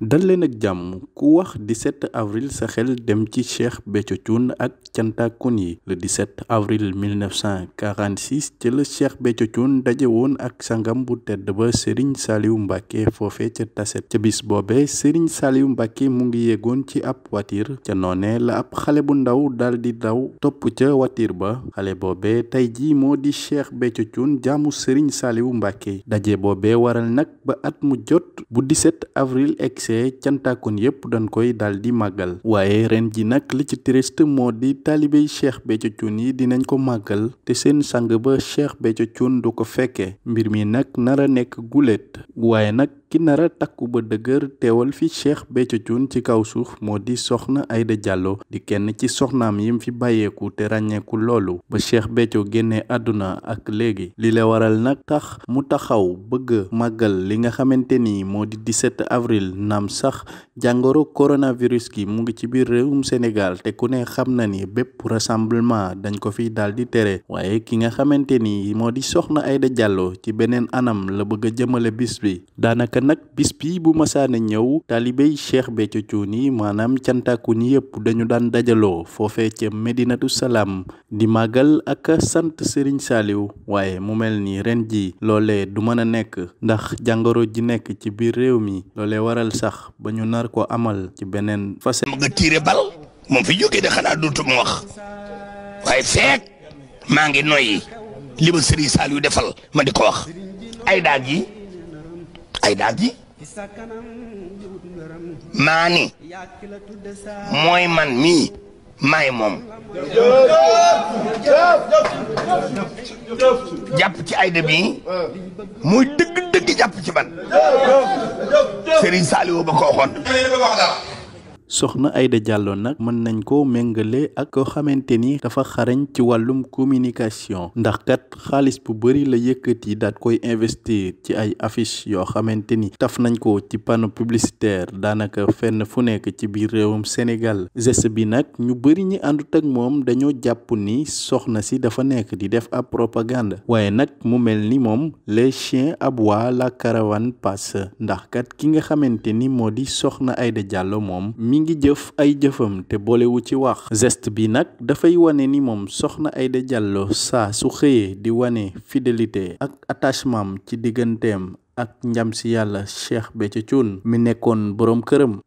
dal leen ak jàmm ku wax 17 avril sa xel dem ci Cheikh Béthio Thioune ak cantakun yi le 17 avril 1946 ci la Cheikh Béthio Thioune daje woon ak sangam bu tedd ba Serigne Saliou Mbacké foofe ca taset ca bis boobe Serigne Saliou Mbacké mu ngi yéegoon ci ab watir ca noone la ab xale bu ndaw dal di daw topp ca watir ba xale boobe tey ji moo di Cheikh Béthio Thioune jaamu Serigne Saliou Mbacké daje boobe waral nag ba at mu jot bu avril ex gisee cantaakoon yépp dañ koy daal di màggal waaye reen ji nag li ci triste moo di taalibey Cheikh Béthio Thioune yi dinañ ko màggal te seen sang ba Cheikh Béthio Thioune du ko fekke mbir mi nag nara nekk guléet waaye nag ki nara takku ba dëgër teewal fi Cheikh Béthio Thioune ci kaw suuf moo di soxna Aïda jàlloo di kenn ci soxnaam yim fi bàyyeeku te ràññeeku loolu ba Cheikh Béthio génnee àdduna ak léegi li la waral nag tax mu taxaw bëgg màggal li nga xamante ni moo di set avril naam sax jàngoro coronavirus gi mu ngi ci biir réewum Sénégal te ku ne xam na ni bépp rassemblement dañ ko fi daal di tere waaye ki nga xamante ni moo di soxna Aïda Diallo ci beneen anam la bëgg a jëmale bis bi que nag bis bi bu masaana ñëw taalibey Cheikh Béthio Thioune yi maanaam cantaaku ni yëpp dañu daan dajaloo foofee ca Medinatu Salaam di màggal ak sant sëriñ Saliou waaye mu mel ni ren ji loolee du mën a nekk ndax jàngoro ji nekk ci biir réew mi loolee waral sax ba ñu nar ko amal ci beneen fase nga tiire bal moom fi jógee de xanaa dootuma wax waaye feek maa ngi noyyi li ma Serigne defal ma di ko wax ay daag ay daal ji maa ni mooy man mii may moom jàpp ci ayda bi muy dëgg dëgg jàpp ci man Serigne Saliou ba ko waxoon soxna ayda jàlloo nag mën nañ ko méngale ak koo xamante ni dafa xarañ ci wàllum communication ndax kat xaalis bu bëri la yëkkat yi daat koy investir ci ay affiche yoo xamante ni taf nañ ko ci panneau publicitaire daanaka fenn fu nekk ci biir réewum Sénégal geste bi nag ñu bëri ñi àndut ak moom dañoo jàpp ni soxna si dafa nekk di def ab propagande waaye nag mu mel ni moom les chiens aboient la caravane passe ndax kat ki nga xamante ni moo di soxna Aïda Diallo moom mi ngi jëf ay jëfam te boolewu ci wax geste bi nag dafay wane ni moom soxna Aïda Diallo saa su xëyee di wane fidélité ak attachement ci digganteem ak njam si yàlla Cheikh ca Thioune mi nekkoon boroom këram